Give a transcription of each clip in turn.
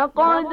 لقد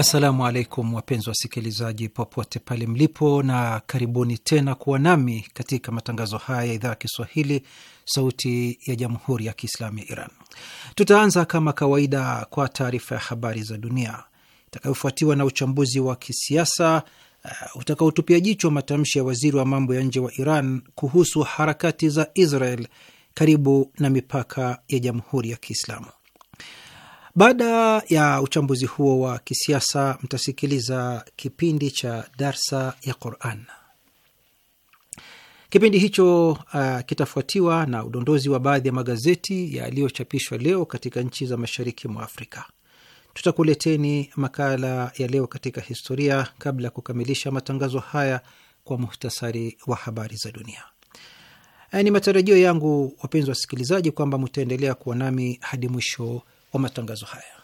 Assalamu alaikum wapenzi wasikilizaji, popote pale mlipo, na karibuni tena kuwa nami katika matangazo haya ya idhaa ya Kiswahili, Sauti ya Jamhuri ya Kiislamu ya Iran. Tutaanza kama kawaida kwa taarifa ya habari za dunia itakayofuatiwa na uchambuzi wa kisiasa uh, utakaotupia jicho matamshi ya waziri wa mambo ya nje wa Iran kuhusu harakati za Israel karibu na mipaka ya Jamhuri ya Kiislamu. Baada ya uchambuzi huo wa kisiasa, mtasikiliza kipindi cha darsa ya Quran. Kipindi hicho uh, kitafuatiwa na udondozi wa baadhi ya magazeti yaliyochapishwa leo katika nchi za mashariki mwa Afrika. Tutakuleteni makala ya leo katika historia, kabla ya kukamilisha matangazo haya kwa muhtasari wa habari za dunia. Eh, ni matarajio yangu, wapenzi wasikilizaji, kwamba mtaendelea kuwa nami hadi mwisho wa matangazo haya.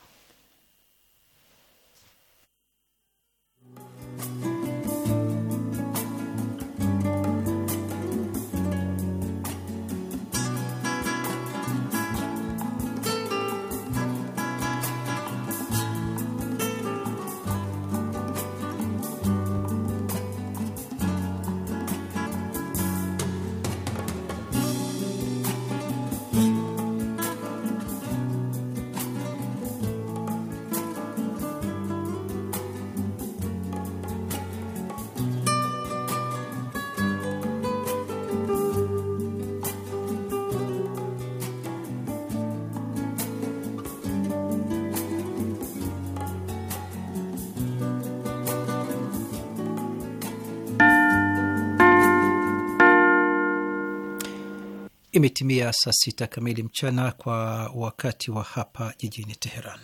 Imetimia saa sita kamili mchana kwa wakati wa hapa jijini Teheran.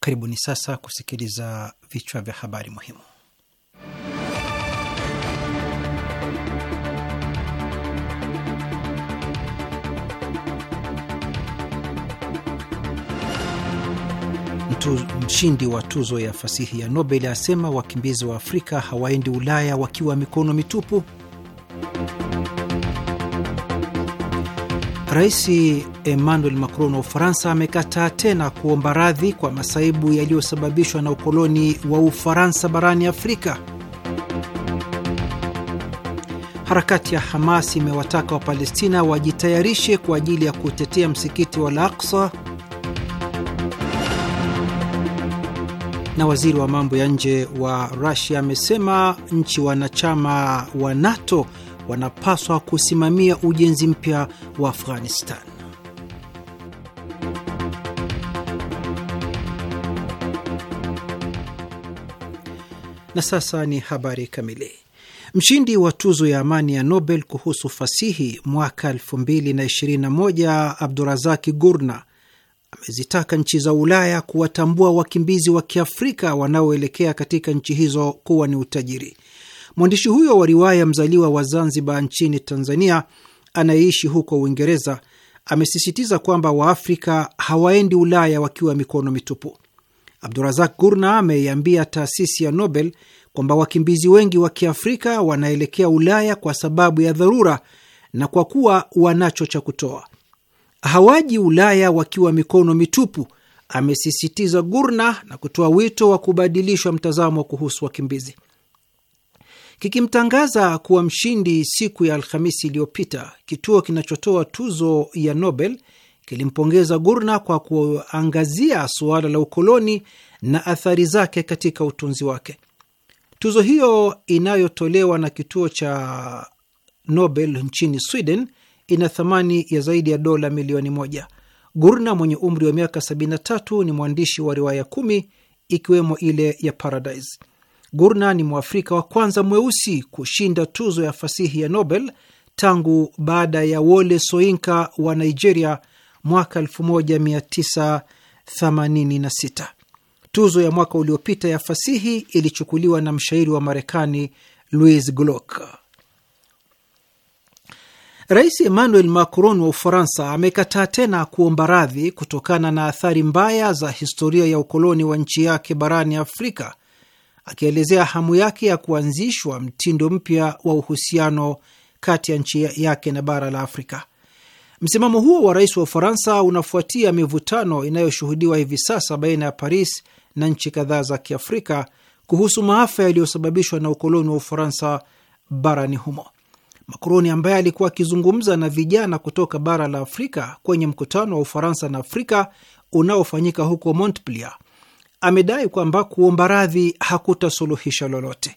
Karibuni sasa kusikiliza vichwa vya habari muhimu. mshindi wa tuzo ya fasihi ya Nobel asema wakimbizi wa Afrika hawaendi Ulaya wakiwa mikono mitupu. Rais Emmanuel Macron wa Ufaransa amekataa tena kuomba radhi kwa masaibu yaliyosababishwa na ukoloni wa Ufaransa barani Afrika. Harakati ya Hamas imewataka Wapalestina wajitayarishe kwa ajili ya kutetea msikiti wa Al-Aqsa na waziri wa mambo ya nje wa Rusia amesema nchi wanachama wa NATO wanapaswa kusimamia ujenzi mpya wa Afghanistan. Na sasa ni habari kamili. Mshindi wa tuzo ya amani ya Nobel kuhusu fasihi mwaka 2021 Abdurazaki Gurna amezitaka nchi za Ulaya kuwatambua wakimbizi wa Kiafrika wanaoelekea katika nchi hizo kuwa ni utajiri. Mwandishi huyo wa riwaya, mzaliwa wa Zanzibar nchini Tanzania anayeishi huko Uingereza, amesisitiza kwamba Waafrika hawaendi Ulaya wakiwa mikono mitupu. Abdurazak Gurna ameiambia taasisi ya Nobel kwamba wakimbizi wengi wa Kiafrika wanaelekea Ulaya kwa sababu ya dharura na kwa kuwa wanacho cha kutoa hawaji Ulaya wakiwa mikono mitupu, amesisitiza Gurna na kutoa wito wa kubadilishwa mtazamo kuhusu wakimbizi. Kikimtangaza kuwa mshindi siku ya Alhamisi iliyopita, kituo kinachotoa tuzo ya Nobel kilimpongeza Gurna kwa kuangazia suala la ukoloni na athari zake katika utunzi wake. Tuzo hiyo inayotolewa na kituo cha Nobel nchini Sweden ina thamani ya zaidi ya dola milioni moja. Gurna mwenye umri wa miaka 73 ni mwandishi wa riwaya kumi ikiwemo ile ya Paradise. Gurna ni Mwafrika wa kwanza mweusi kushinda tuzo ya fasihi ya Nobel tangu baada ya Wole Soyinka wa Nigeria mwaka 1986. Tuzo ya mwaka uliopita ya fasihi ilichukuliwa na mshairi wa Marekani Louis Glock. Rais Emmanuel Macron wa Ufaransa amekataa tena kuomba radhi kutokana na athari mbaya za historia ya ukoloni wa nchi yake barani Afrika, akielezea hamu yake ya kuanzishwa mtindo mpya wa uhusiano kati ya nchi yake na bara la Afrika. Msimamo huo wa rais wa Ufaransa unafuatia mivutano inayoshuhudiwa hivi sasa baina ya Paris na nchi kadhaa za Kiafrika kuhusu maafa yaliyosababishwa na ukoloni wa Ufaransa barani humo. Macron ambaye alikuwa akizungumza na vijana kutoka bara la Afrika kwenye mkutano wa Ufaransa na Afrika unaofanyika huko Montpellier amedai kwamba kuomba radhi hakutasuluhisha lolote.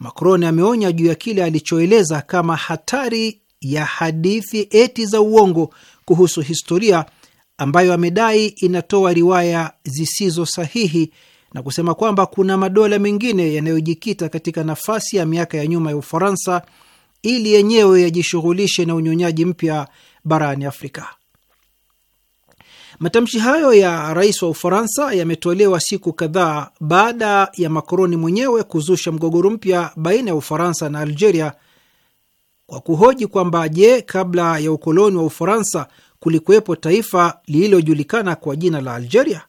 Macron ameonya juu ya kile alichoeleza kama hatari ya hadithi eti za uongo kuhusu historia ambayo amedai inatoa riwaya zisizo sahihi na kusema kwamba kuna madola mengine yanayojikita katika nafasi ya miaka ya nyuma ya Ufaransa ili yenyewe yajishughulishe na unyonyaji mpya barani Afrika. Matamshi hayo ya rais wa Ufaransa yametolewa siku kadhaa baada ya Makroni mwenyewe kuzusha mgogoro mpya baina ya Ufaransa na Algeria kwa kuhoji kwamba je, kabla ya ukoloni wa Ufaransa kulikuwepo taifa lililojulikana kwa jina la Algeria?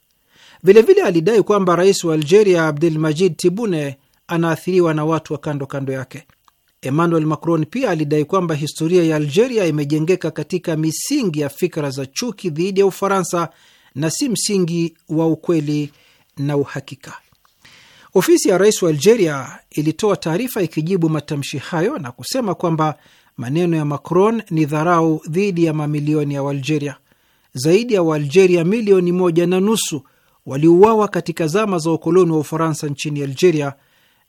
Vilevile alidai kwamba rais wa Algeria Abdelmajid Tibune anaathiriwa na watu wa kando kando yake. Emmanuel Macron pia alidai kwamba historia ya Algeria imejengeka katika misingi ya fikra za chuki dhidi ya Ufaransa na si msingi wa ukweli na uhakika. Ofisi ya rais wa Algeria ilitoa taarifa ikijibu matamshi hayo na kusema kwamba maneno ya Macron ni dharau dhidi ya mamilioni ya Waalgeria. Zaidi ya Waalgeria milioni moja na nusu waliuawa katika zama za ukoloni wa Ufaransa nchini Algeria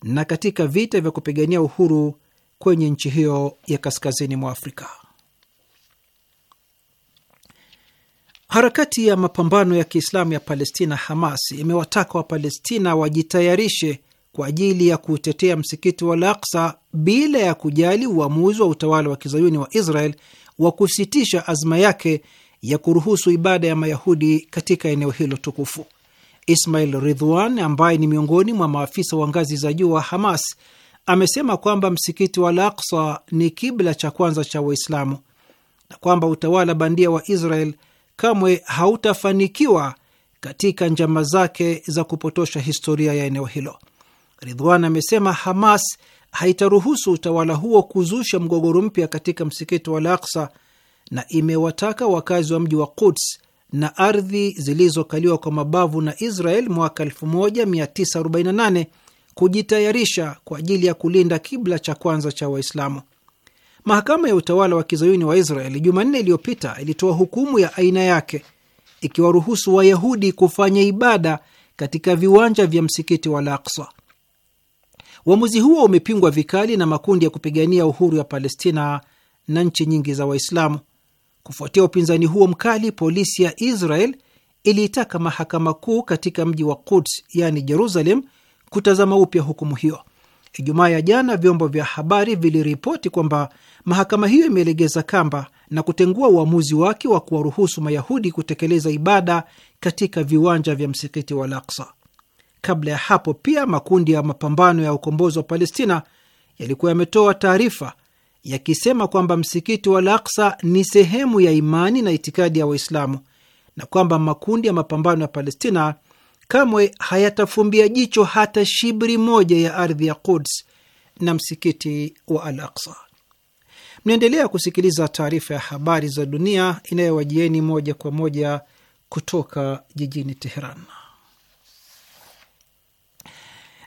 na katika vita vya kupigania uhuru kwenye nchi hiyo ya kaskazini mwa Afrika. Harakati ya mapambano ya Kiislamu ya Palestina, Hamas, imewataka Wapalestina wajitayarishe kwa ajili ya kutetea msikiti wa Al-Aqsa bila ya kujali uamuzi wa utawala wa kizayuni wa Israel wa kusitisha azma yake ya kuruhusu ibada ya Mayahudi katika eneo hilo tukufu. Ismail ridhwan ambaye ni miongoni mwa maafisa wa ngazi za juu wa Hamas amesema kwamba msikiti wa Al-Aqsa ni kibla cha kwanza cha Waislamu na kwamba utawala bandia wa Israel kamwe hautafanikiwa katika njama zake za kupotosha historia ya eneo hilo. Ridwan amesema Hamas haitaruhusu utawala huo kuzusha mgogoro mpya katika msikiti wa Al-Aqsa na imewataka wakazi wa mji wa Quds na ardhi zilizokaliwa kwa mabavu na Israel mwaka 1948 kujitayarisha kwa ajili ya kulinda kibla cha kwanza cha Waislamu. Mahakama ya utawala wa kizayuni wa Israeli Jumanne iliyopita ilitoa hukumu ya aina yake ikiwaruhusu Wayahudi kufanya ibada katika viwanja vya msikiti wa Al-Aqsa. Uamuzi huo umepingwa vikali na makundi ya kupigania uhuru ya Palestina na nchi nyingi za Waislamu. Kufuatia upinzani huo mkali, polisi ya Israel iliitaka mahakama kuu katika mji wa Quds, yani Jerusalem, kutazama upya hukumu hiyo. Ijumaa ya jana vyombo vya habari viliripoti kwamba mahakama hiyo imelegeza kamba na kutengua uamuzi wake wa kuwaruhusu Mayahudi kutekeleza ibada katika viwanja vya msikiti wa Al-Aqsa. Kabla ya hapo pia makundi ya mapambano ya ukombozi wa Palestina yalikuwa yametoa taarifa yakisema kwamba msikiti wa Al-Aqsa ni sehemu ya imani na itikadi ya Waislamu na kwamba makundi ya mapambano ya Palestina kamwe hayatafumbia jicho hata shibri moja ya ardhi ya Quds na msikiti wa Al Aksa. Mnaendelea kusikiliza taarifa ya habari za dunia inayowajieni moja kwa moja kutoka jijini Teheran.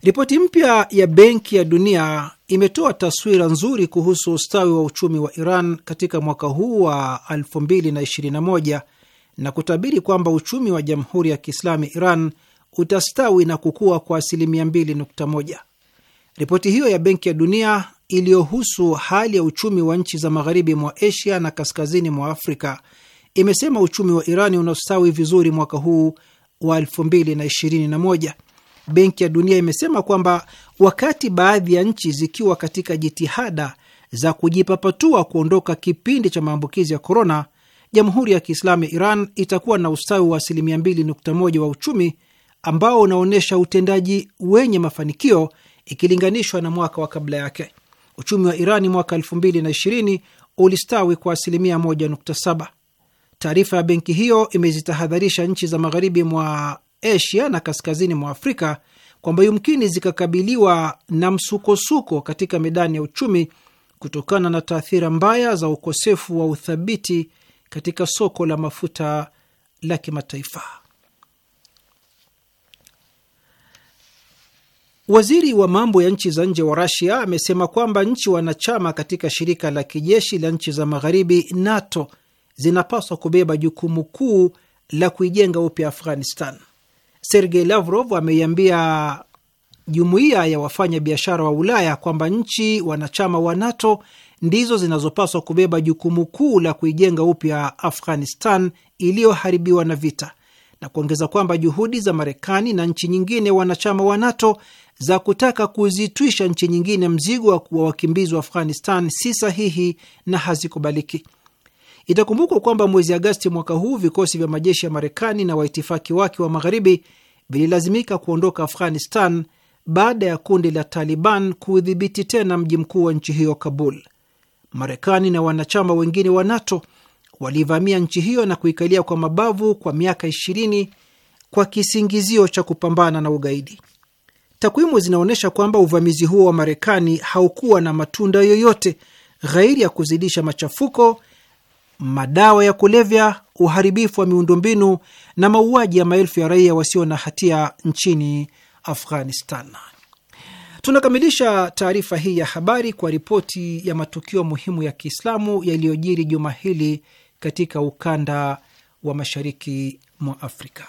Ripoti mpya ya Benki ya Dunia imetoa taswira nzuri kuhusu ustawi wa uchumi wa Iran katika mwaka huu wa 2021 na kutabiri kwamba uchumi wa Jamhuri ya Kiislamu Iran utastawi na kukua kwa asilimia 2.1. Ripoti hiyo ya Benki ya Dunia iliyohusu hali ya uchumi wa nchi za magharibi mwa Asia na kaskazini mwa Afrika imesema uchumi wa Irani unastawi vizuri mwaka huu wa 2021. Benki ya Dunia imesema kwamba wakati baadhi ya nchi zikiwa katika jitihada za kujipapatua kuondoka kipindi cha maambukizi ya korona, Jamhuri ya Kiislamu ya Iran itakuwa na ustawi wa asilimia 2.1 wa uchumi ambao unaonyesha utendaji wenye mafanikio ikilinganishwa na mwaka wa kabla yake. Uchumi wa Irani mwaka 2020 ulistawi kwa asilimia 1.7. Taarifa ya benki hiyo imezitahadharisha nchi za magharibi mwa Asia na kaskazini mwa Afrika kwamba yumkini zikakabiliwa na msukosuko katika medani ya uchumi kutokana na taathira mbaya za ukosefu wa uthabiti katika soko la mafuta la kimataifa. Waziri wa mambo ya nchi za nje wa Rasia amesema kwamba nchi wanachama katika shirika la kijeshi la nchi za magharibi NATO zinapaswa kubeba jukumu kuu la kuijenga upya Afghanistan. Sergei Lavrov ameiambia jumuiya ya wafanya biashara wa Ulaya kwamba nchi wanachama wa NATO ndizo zinazopaswa kubeba jukumu kuu la kuijenga upya Afghanistan iliyoharibiwa na vita, na kuongeza kwamba juhudi za Marekani na nchi nyingine wanachama wa NATO za kutaka kuzitwisha nchi nyingine mzigo wa kuwa wakimbizi wa Afghanistan si sahihi na hazikubaliki. Itakumbukwa kwamba mwezi Agasti mwaka huu vikosi vya majeshi ya Marekani na waitifaki wake wa magharibi vililazimika kuondoka Afghanistan baada ya kundi la Taliban kuudhibiti tena mji mkuu wa nchi hiyo Kabul. Marekani na wanachama wengine wa NATO walivamia nchi hiyo na kuikalia kwa mabavu kwa miaka 20 kwa kisingizio cha kupambana na ugaidi. Takwimu zinaonyesha kwamba uvamizi huo wa Marekani haukuwa na matunda yoyote ghairi ya kuzidisha machafuko, madawa ya kulevya, uharibifu wa miundombinu na mauaji ya maelfu ya raia wasio na hatia nchini Afghanistan. Tunakamilisha taarifa hii ya habari kwa ripoti ya matukio muhimu ya Kiislamu yaliyojiri juma hili katika ukanda wa mashariki mwa Afrika.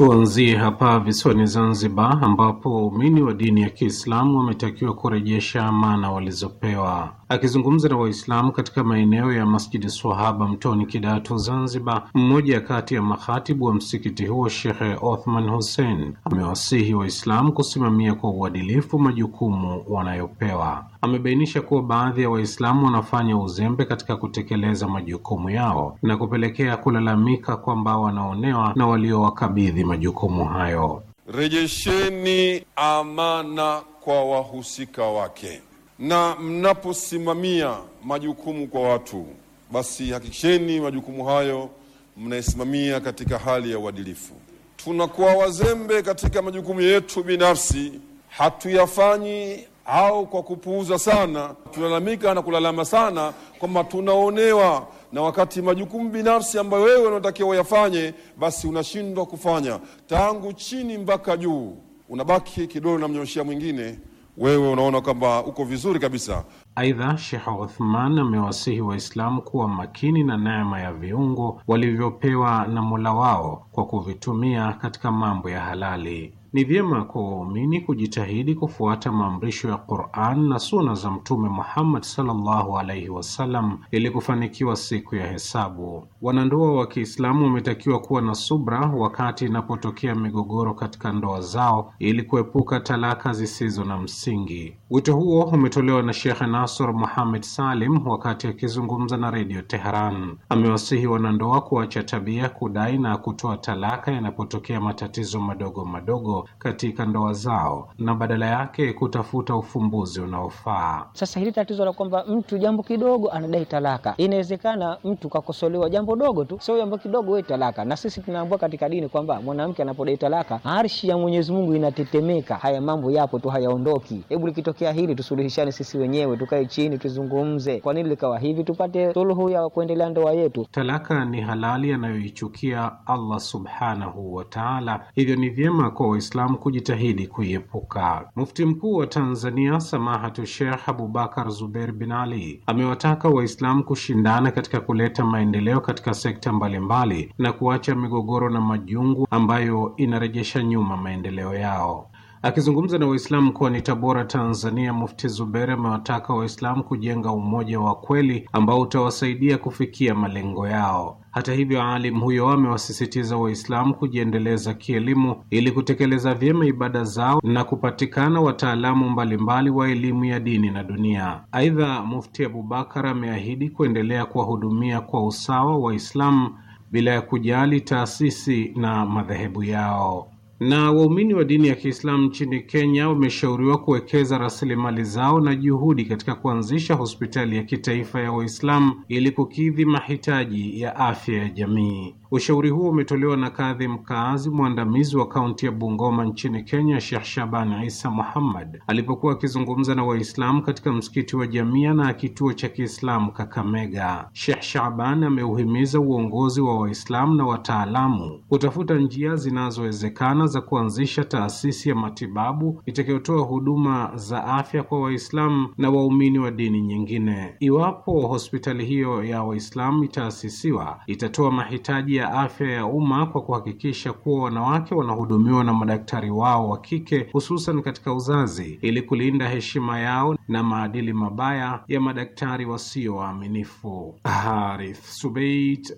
Tuanzie hapa visiwani Zanzibar, ambapo waumini wa dini ya Kiislamu wametakiwa kurejesha amana walizopewa. Akizungumza na Waislamu katika maeneo ya Masjidi Swahaba Mtoni Kidatu Zanzibar, mmoja kati ya makhatibu wa msikiti huo Shekhe Othman Hussein amewasihi Waislamu kusimamia kwa uadilifu majukumu wanayopewa. Amebainisha kuwa baadhi ya Waislamu wanafanya uzembe katika kutekeleza majukumu yao na kupelekea kulalamika kwamba wanaonewa na waliowakabidhi majukumu hayo. Rejesheni amana kwa wahusika wake na mnaposimamia majukumu kwa watu, basi hakikisheni majukumu hayo mnaisimamia katika hali ya uadilifu. Tunakuwa wazembe katika majukumu yetu binafsi, hatuyafanyi au kwa kupuuza sana, tunalalamika na kulalama sana kwamba tunaonewa, na wakati majukumu binafsi ambayo wewe unatakiwa uyafanye, basi unashindwa kufanya, tangu chini mpaka juu, unabaki kidole na mnyooshea mwingine wewe unaona kwamba uko vizuri kabisa. Aidha, Shekh Uthman amewasihi Waislamu kuwa makini na neema ya viungo walivyopewa na Mola wao kwa kuvitumia katika mambo ya halali. Ni vyema kwa waumini kujitahidi kufuata maamrisho ya Quran na suna za Mtume Muhammad sallallahu alaihi wasallam ili kufanikiwa siku ya hesabu. Wanandoa wa Kiislamu wametakiwa kuwa na subra wakati inapotokea migogoro katika ndoa zao ili kuepuka talaka zisizo na msingi. Wito huo umetolewa na Shekhe Nasr Muhammad Salim wakati akizungumza na Redio Teheran. Amewasihi wanandoa kuacha tabia kudai na kutoa talaka yanapotokea matatizo madogo madogo katika ndoa zao na badala yake kutafuta ufumbuzi unaofaa. Sasa hili tatizo la kwamba mtu jambo kidogo anadai talaka, inawezekana mtu kakosolewa jambo dogo tu, sio jambo kidogo we talaka. Na sisi tunaambua katika dini kwamba mwanamke anapodai talaka, arshi ya Mwenyezi Mungu inatetemeka. Haya mambo yapo tu, hayaondoki. Hebu likitokea hili tusuluhishane sisi wenyewe, tukae chini tuzungumze, kwa nini likawa hivi, tupate suluhu ya kuendelea ndoa yetu. Talaka ni halali anayoichukia Allah subhanahu wataala hivyo ni vyema kwa Waislamu kujitahidi kuiepuka. Mufti mkuu wa Tanzania Samahatu Sheikh Abubakar Zubair bin Ali amewataka Waislamu kushindana katika kuleta maendeleo katika sekta mbalimbali na kuacha migogoro na majungu ambayo inarejesha nyuma maendeleo yao. Akizungumza na Waislamu mkoani Tabora, Tanzania, Mufti Zuberi amewataka Waislamu kujenga umoja wa kweli ambao utawasaidia kufikia malengo yao. Hata hivyo, alim huyo amewasisitiza Waislamu kujiendeleza kielimu ili kutekeleza vyema ibada zao na kupatikana wataalamu mbalimbali wa elimu ya dini na dunia. Aidha, Mufti Abubakar ameahidi kuendelea kuwahudumia kwa usawa Waislamu bila ya kujali taasisi na madhehebu yao. Na waumini wa dini ya Kiislamu nchini Kenya wameshauriwa kuwekeza rasilimali zao na juhudi katika kuanzisha hospitali ya kitaifa ya Waislamu ili kukidhi mahitaji ya afya ya jamii. Ushauri huo umetolewa na kadhi mkaazi mwandamizi wa kaunti ya Bungoma nchini Kenya, Sheikh Shaban Isa Muhammad alipokuwa akizungumza na Waislamu katika msikiti wa Jamia na kituo cha Kiislamu Kakamega. Sheikh Shaban ameuhimiza uongozi wa Waislamu na wataalamu kutafuta njia zinazowezekana za kuanzisha taasisi ya matibabu itakayotoa huduma za afya kwa Waislamu na waumini wa dini nyingine. Iwapo hospitali hiyo ya Waislamu itaasisiwa, itatoa mahitaji ya afya ya umma kwa kuhakikisha kuwa wanawake wanahudumiwa na madaktari wao wa kike, hususan katika uzazi, ili kulinda heshima yao na maadili mabaya ya madaktari wasio waaminifu. Harith Subait,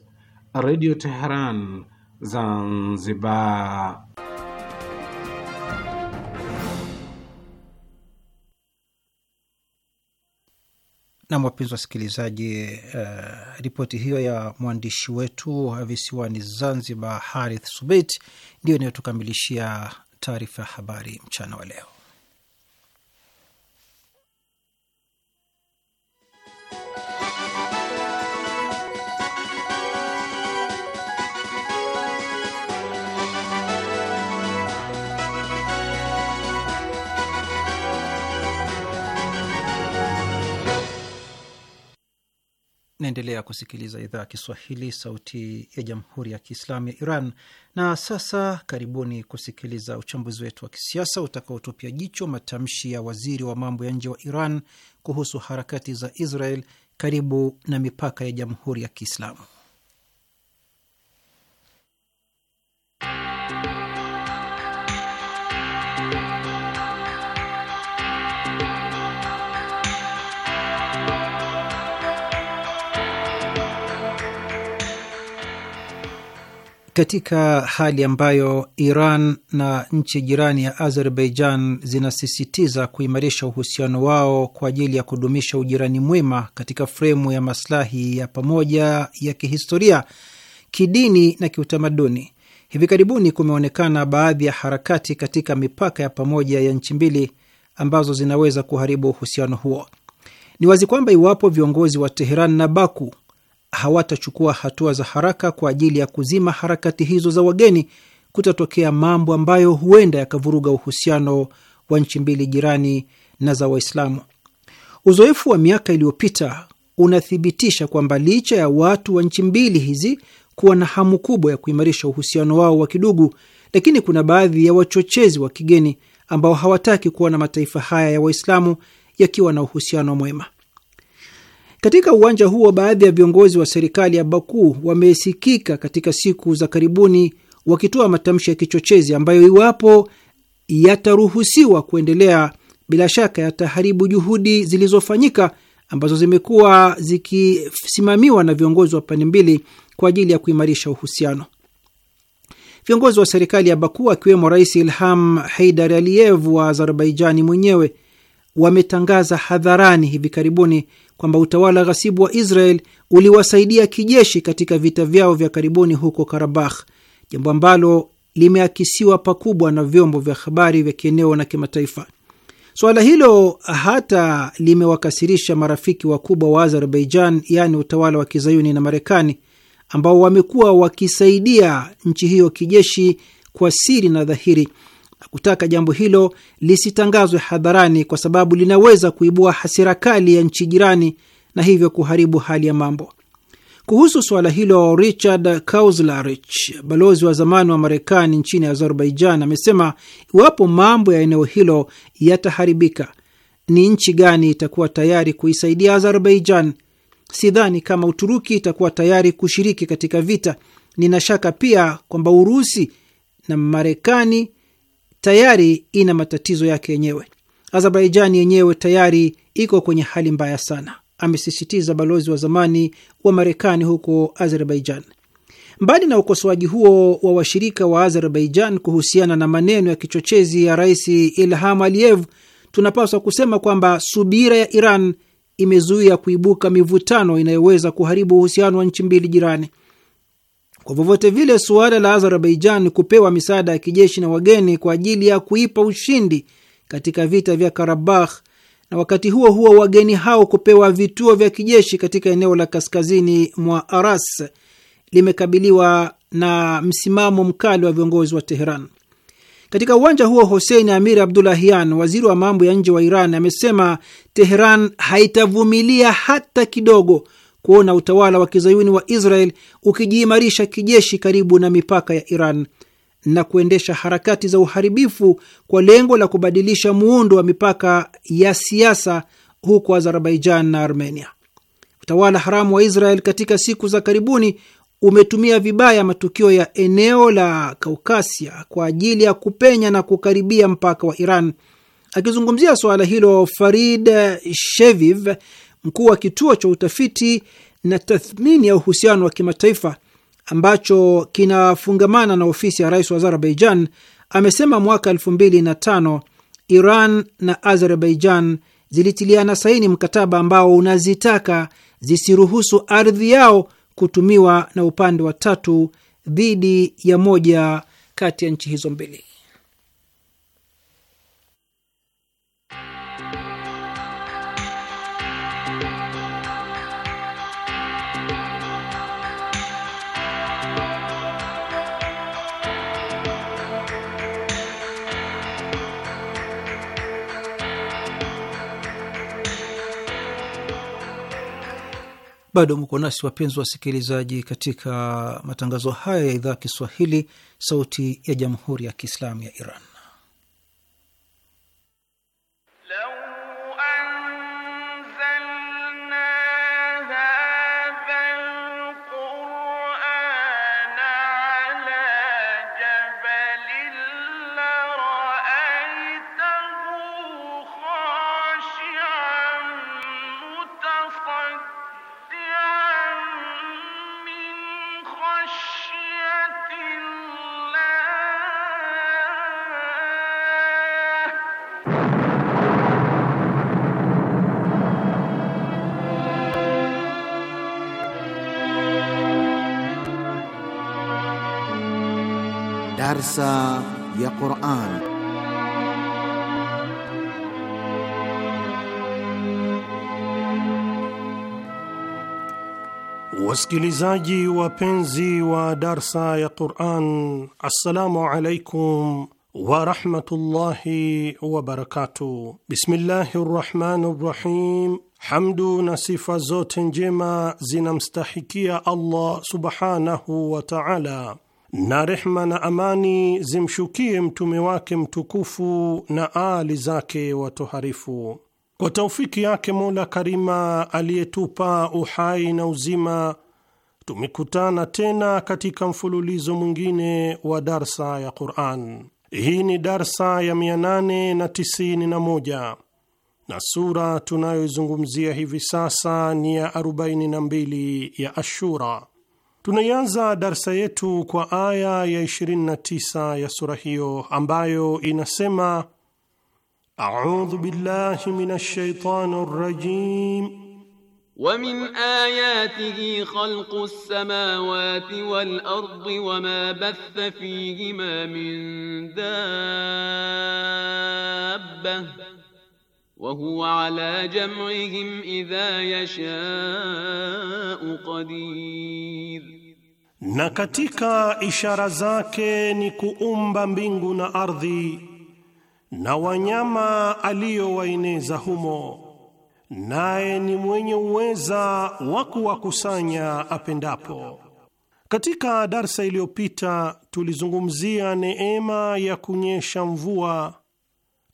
Radio Teheran, Zanzibar. Nam, wapenzi wasikilizaji, uh, ripoti hiyo ya mwandishi wetu wa visiwani Zanzibar, Harith Subeit, ndiyo inayotukamilishia taarifa ya habari mchana wa leo. Naendelea kusikiliza idhaa ya Kiswahili, sauti ya jamhuri ya kiislamu ya Iran. Na sasa karibuni kusikiliza uchambuzi wetu wa kisiasa utakaotupia jicho matamshi ya waziri wa mambo ya nje wa Iran kuhusu harakati za Israel karibu na mipaka ya jamhuri ya Kiislamu. katika hali ambayo Iran na nchi jirani ya Azerbaijan zinasisitiza kuimarisha uhusiano wao kwa ajili ya kudumisha ujirani mwema katika fremu ya maslahi ya pamoja ya kihistoria, kidini na kiutamaduni. Hivi karibuni kumeonekana baadhi ya harakati katika mipaka ya pamoja ya nchi mbili ambazo zinaweza kuharibu uhusiano huo. Ni wazi kwamba iwapo viongozi wa Teheran na Baku hawatachukua hatua za haraka kwa ajili ya kuzima harakati hizo za wageni, kutatokea mambo ambayo huenda yakavuruga uhusiano wa nchi mbili jirani na za Waislamu. Uzoefu wa miaka iliyopita unathibitisha kwamba licha ya watu wa nchi mbili hizi kuwa na hamu kubwa ya kuimarisha uhusiano wao wa kidugu, lakini kuna baadhi ya wachochezi wa kigeni ambao hawataki kuona mataifa haya ya Waislamu yakiwa na uhusiano mwema. Katika uwanja huo, baadhi ya viongozi wa serikali ya Baku wamesikika katika siku za karibuni wakitoa matamshi ya kichochezi ambayo iwapo yataruhusiwa kuendelea, bila shaka yataharibu juhudi zilizofanyika ambazo zimekuwa zikisimamiwa na viongozi wa pande mbili kwa ajili ya kuimarisha uhusiano. Viongozi wa serikali ya Baku akiwemo Rais Ilham heidar Aliyev wa Azerbaijani mwenyewe wametangaza hadharani hivi karibuni kwamba utawala ghasibu wa Israel uliwasaidia kijeshi katika vita vyao vya karibuni huko Karabakh, jambo ambalo limeakisiwa pakubwa na vyombo vya habari vya kieneo na kimataifa. Suala hilo hata limewakasirisha marafiki wakubwa wa Azerbaijan, yaani utawala wa kizayuni na Marekani, ambao wamekuwa wakisaidia nchi hiyo kijeshi kwa siri na dhahiri kutaka jambo hilo lisitangazwe hadharani kwa sababu linaweza kuibua hasira kali ya nchi jirani na hivyo kuharibu hali ya mambo. Kuhusu suala hilo, Richard Kauslarich, balozi wa zamani wa Marekani nchini Azerbaijan, amesema iwapo mambo ya eneo hilo yataharibika, ni nchi gani itakuwa tayari kuisaidia Azerbaijan? Sidhani kama Uturuki itakuwa tayari kushiriki katika vita. Nina shaka pia kwamba Urusi na Marekani tayari ina matatizo yake yenyewe. Azerbaijan yenyewe tayari iko kwenye hali mbaya sana, amesisitiza balozi wa zamani wa Marekani huko Azerbaijan. Mbali na ukosoaji huo wa washirika wa Azerbaijan kuhusiana na maneno ya kichochezi ya Rais Ilham Aliyev, tunapaswa kusema kwamba subira ya Iran imezuia kuibuka mivutano inayoweza kuharibu uhusiano wa nchi mbili jirani. Kwa vyovyote vile, suala la Azerbaijan kupewa misaada ya kijeshi na wageni kwa ajili ya kuipa ushindi katika vita vya Karabakh na wakati huo huo wageni hao kupewa vituo vya kijeshi katika eneo la kaskazini mwa Aras limekabiliwa na msimamo mkali wa viongozi wa Teheran. Katika uwanja huo, hosein Amir Abdulahian, waziri wa mambo ya nje wa Iran, amesema Teheran haitavumilia hata kidogo kuona utawala wa kizayuni wa Israel ukijiimarisha kijeshi karibu na mipaka ya Iran na kuendesha harakati za uharibifu kwa lengo la kubadilisha muundo wa mipaka ya siasa huko Azerbaijan na Armenia. Utawala haramu wa Israel katika siku za karibuni umetumia vibaya matukio ya eneo la Kaukasia kwa ajili ya kupenya na kukaribia mpaka wa Iran. Akizungumzia suala hilo, Farid Sheviv, mkuu wa kituo cha utafiti na tathmini ya uhusiano wa kimataifa ambacho kinafungamana na ofisi ya rais wa Azerbaijan amesema mwaka 2005 Iran na Azerbaijan zilitiliana saini mkataba ambao unazitaka zisiruhusu ardhi yao kutumiwa na upande wa tatu dhidi ya moja kati ya nchi hizo mbili. Bado mko nasi wapenzi wasikilizaji, katika matangazo haya ya idhaa Kiswahili, sauti ya jamhuri ya kiislamu ya Iran. Wasikilizaji wapenzi wa darsa ya Quran, assalamu alaikum warahmatullahi wabarakatuh. Bismillahi rahmani rahim Hamdu na sifa zote njema zinamstahikia Allah subhanahu wa taala, na rehma na amani zimshukie mtume wake mtukufu na ali zake watoharifu kwa taufiki yake Mola Karima aliyetupa uhai na uzima tumekutana tena katika mfululizo mwingine wa darsa ya Quran. Hii ni darsa ya 891 na, na sura tunayoizungumzia hivi sasa ni ya 42 ya Ashura. Tunaianza darsa yetu kwa aya ya 29 ya sura hiyo ambayo inasema, audhu billahi minash shaitani rajim ومن آياته خلق السماوات والأرض وما بث فيهما من دابة وهو على جمعهم إذا يشاء قدير na katika ishara zake ni kuumba mbingu na ardhi na wanyama aliyowaeneza humo naye ni mwenye uweza wa kuwakusanya apendapo. Katika darsa iliyopita tulizungumzia neema ya kunyesha mvua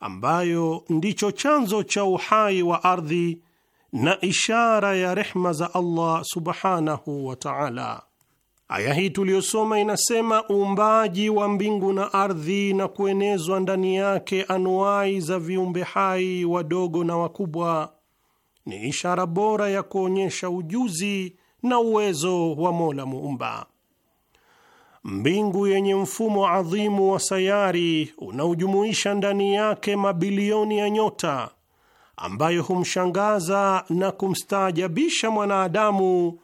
ambayo ndicho chanzo cha uhai wa ardhi na ishara ya rehma za Allah subhanahu wa ta'ala. Aya hii tuliyosoma inasema uumbaji wa mbingu na ardhi na kuenezwa ndani yake anuwai za viumbe hai wadogo na wakubwa ni ishara bora ya kuonyesha ujuzi na uwezo wa Mola Muumba. Mbingu yenye mfumo adhimu wa sayari unaojumuisha ndani yake mabilioni ya nyota ambayo humshangaza na kumstaajabisha mwanadamu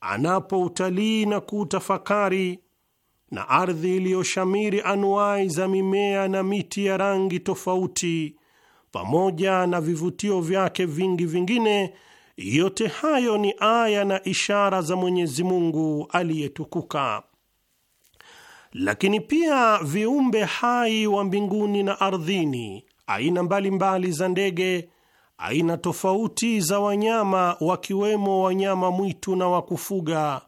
anapoutalii na kuutafakari, na ardhi iliyoshamiri anuwai za mimea na miti ya rangi tofauti pamoja na vivutio vyake vingi vingine. Yote hayo ni aya na ishara za Mwenyezi Mungu aliyetukuka. Lakini pia viumbe hai wa mbinguni na ardhini, aina mbalimbali za ndege, aina tofauti za wanyama, wakiwemo wanyama mwitu na wa kufuga,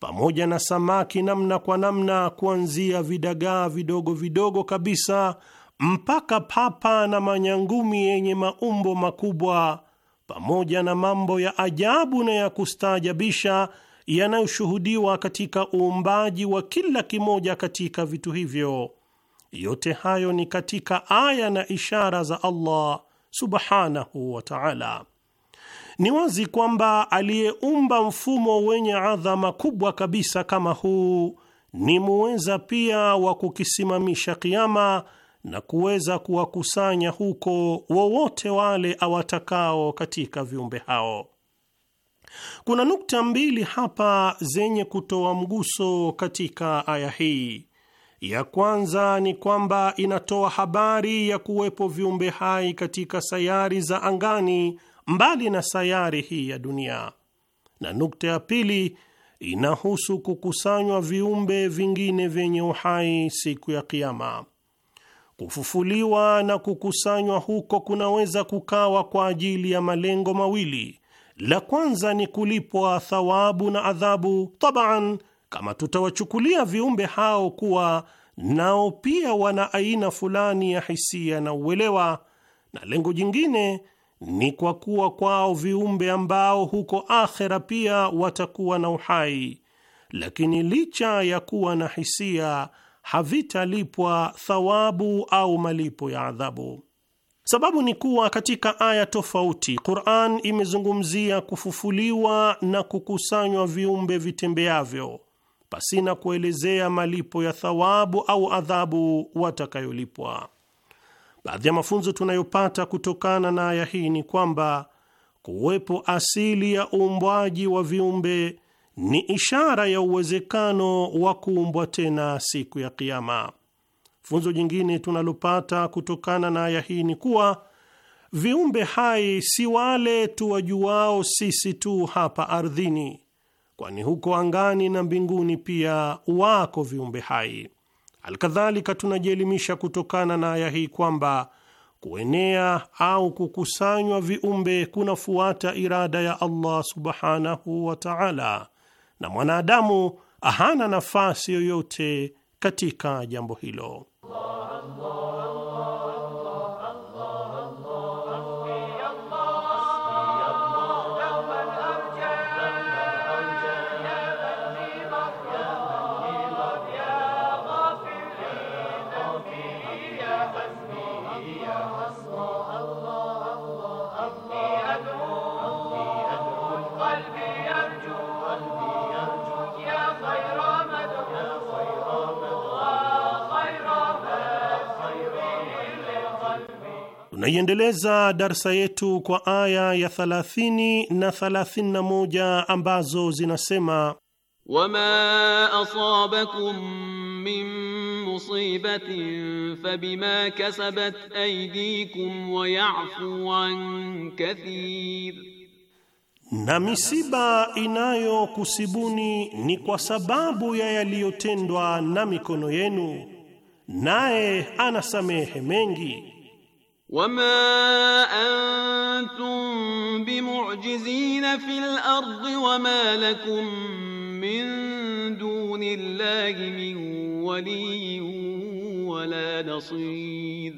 pamoja na samaki namna kwa namna, kuanzia vidagaa vidogo vidogo kabisa mpaka papa na manyangumi yenye maumbo makubwa pamoja na mambo ya ajabu na ya kustaajabisha yanayoshuhudiwa katika uumbaji wa kila kimoja katika vitu hivyo. Yote hayo ni katika aya na ishara za Allah subhanahu wa ta'ala. Ni wazi kwamba aliyeumba mfumo wenye adhama kubwa kabisa kama huu ni muweza pia wa kukisimamisha kiama na kuweza kuwakusanya huko wowote wale awatakao katika viumbe hao. Kuna nukta mbili hapa zenye kutoa mguso katika aya hii. Ya kwanza ni kwamba inatoa habari ya kuwepo viumbe hai katika sayari za angani mbali na sayari hii ya dunia, na nukta ya pili inahusu kukusanywa viumbe vingine vyenye uhai siku ya Kiama kufufuliwa na kukusanywa huko kunaweza kukawa kwa ajili ya malengo mawili. La kwanza ni kulipwa thawabu na adhabu, taban, kama tutawachukulia viumbe hao kuwa nao pia wana aina fulani ya hisia na uelewa, na lengo jingine ni kwa kuwa kwao viumbe ambao huko akhera pia watakuwa na uhai, lakini licha ya kuwa na hisia havitalipwa thawabu au malipo ya adhabu. Sababu ni kuwa katika aya tofauti Quran imezungumzia kufufuliwa na kukusanywa viumbe vitembeavyo pasina kuelezea malipo ya thawabu au adhabu watakayolipwa. Baadhi ya mafunzo tunayopata kutokana na aya hii ni kwamba kuwepo asili ya uumbwaji wa viumbe ni ishara ya uwezekano wa kuumbwa tena siku ya Kiama. Funzo jingine tunalopata kutokana na aya hii ni kuwa viumbe hai si wale tuwajuao sisi tu hapa ardhini, kwani huko angani na mbinguni pia wako viumbe hai. Alkadhalika, tunajielimisha kutokana na aya hii kwamba kuenea au kukusanywa viumbe kunafuata irada ya Allah subhanahu wa ta'ala na mwanadamu hana nafasi yoyote katika jambo hilo. Allah, Allah. Tunaiendeleza darsa yetu kwa aya ya 30 na 31 ambazo zinasema wama asabakum min musibatin fabima kasabat aydikum wa ya'fu an kathir, na misiba inayokusibuni ni kwa sababu ya yaliyotendwa na mikono yenu, naye anasamehe mengi wama antum bimu'jizina fil ardi wama lakum min dunillahi min waliyyin wala nasir,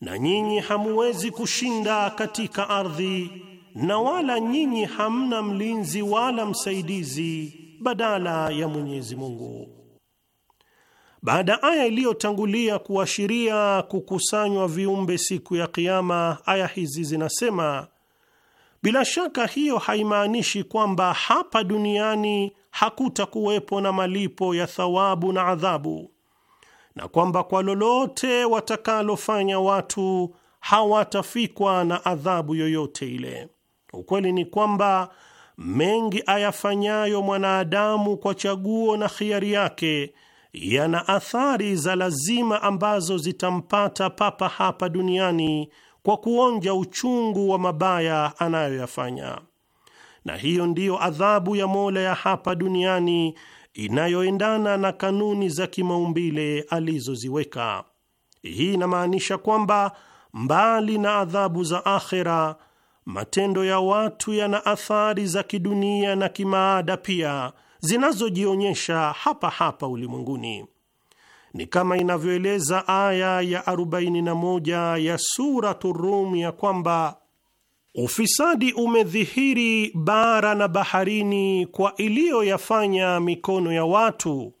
na nyinyi hamuwezi kushinda katika ardhi na wala nyinyi hamna mlinzi wala msaidizi badala ya Mwenyezi Mungu. Baada aya iliyotangulia kuashiria kukusanywa viumbe siku ya Kiama, aya hizi zinasema bila shaka hiyo haimaanishi kwamba hapa duniani hakutakuwepo na malipo ya thawabu na adhabu, na kwamba kwa lolote watakalofanya watu hawatafikwa na adhabu yoyote ile. Ukweli ni kwamba mengi ayafanyayo mwanadamu kwa chaguo na khiari yake yana athari za lazima ambazo zitampata papa hapa duniani kwa kuonja uchungu wa mabaya anayoyafanya, na hiyo ndiyo adhabu ya Mola ya hapa duniani inayoendana na kanuni za kimaumbile alizoziweka. Hii inamaanisha kwamba mbali na adhabu za akhera, matendo ya watu yana athari za kidunia na kimaada pia zinazojionyesha hapa hapa ulimwenguni. Ni kama inavyoeleza aya ya 41 ya Suratu Rum ya kwamba ufisadi umedhihiri bara na baharini kwa iliyoyafanya mikono ya watu,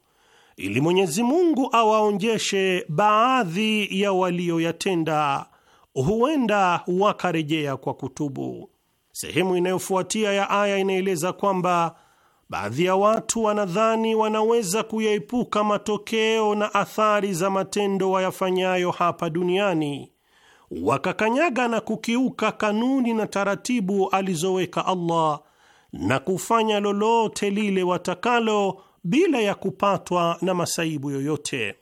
ili Mwenyezi Mungu awaonjeshe baadhi ya walioyatenda, huenda wakarejea kwa kutubu. Sehemu inayofuatia ya aya inaeleza kwamba Baadhi ya watu wanadhani wanaweza kuyaepuka matokeo na athari za matendo wayafanyayo hapa duniani, wakakanyaga na kukiuka kanuni na taratibu alizoweka Allah na kufanya lolote lile watakalo bila ya kupatwa na masaibu yoyote,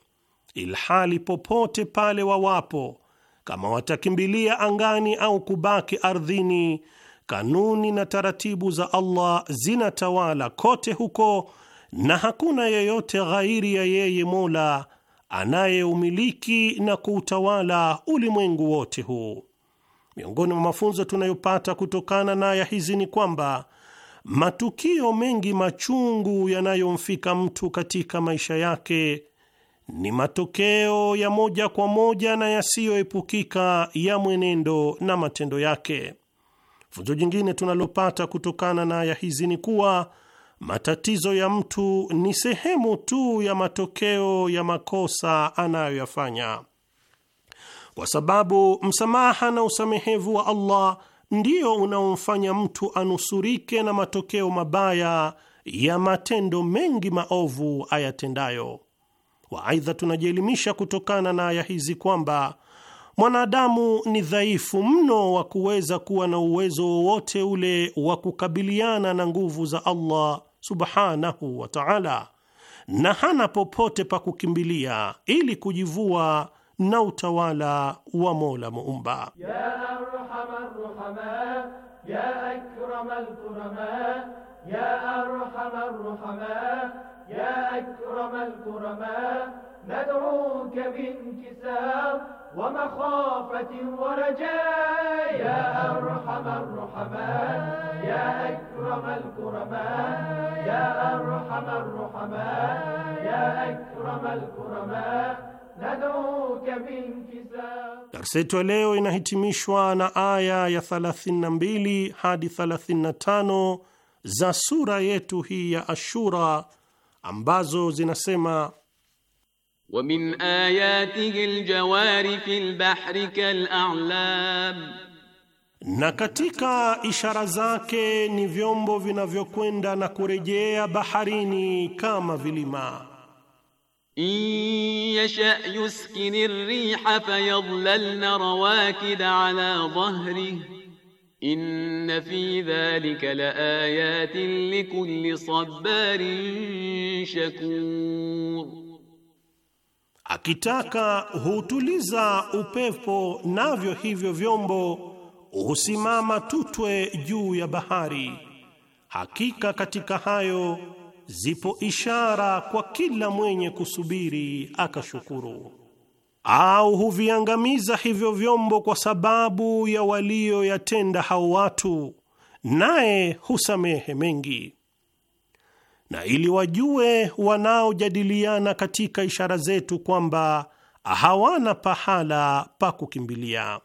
ilhali popote pale wawapo, kama watakimbilia angani au kubaki ardhini kanuni na taratibu za Allah zinatawala kote huko, na hakuna yeyote ghairi ya yeye Mola anayeumiliki na kuutawala ulimwengu wote huu. Miongoni mwa mafunzo tunayopata kutokana na aya hizi ni kwamba matukio mengi machungu yanayomfika mtu katika maisha yake ni matokeo ya moja kwa moja na yasiyoepukika ya mwenendo na matendo yake. Funzo jingine tunalopata kutokana na aya hizi ni kuwa matatizo ya mtu ni sehemu tu ya matokeo ya makosa anayoyafanya, kwa sababu msamaha na usamehevu wa Allah ndiyo unaomfanya mtu anusurike na matokeo mabaya ya matendo mengi maovu ayatendayo. Waaidha, tunajielimisha kutokana na aya hizi kwamba Mwanadamu ni dhaifu mno wa kuweza kuwa na uwezo wowote ule wa kukabiliana na nguvu za Allah subhanahu wa ta'ala, na hana popote pa kukimbilia ili kujivua na utawala wa Mola Muumba ya ندعوك بانكسار ومخافة ورجاء يا أرحم الرحمن يا أكرم الكرماء يا أرحم الرحمن يا أكرم الكرماء ندعوك بانكساب. Darsa yetu ya leo inahitimishwa na aya ya 32 hadi 35 za sura yetu hii ya Ashura ambazo zinasema ومن آياته الجوار في البحر كالأعلام na katika ishara zake ni vyombo vinavyokwenda na kurejea baharini kama vilima. In yasha yuskini rriha fayadhlalna rawakida ala dhahrihi inna fi dhalika laayatin likulli sabarin shakur akitaka huutuliza upepo, navyo hivyo vyombo husimama tutwe juu ya bahari. Hakika katika hayo zipo ishara kwa kila mwenye kusubiri akashukuru. Au huviangamiza hivyo vyombo kwa sababu ya walioyatenda hao watu, naye husamehe mengi na ili wajue wanaojadiliana katika ishara zetu kwamba hawana pahala pa kukimbilia.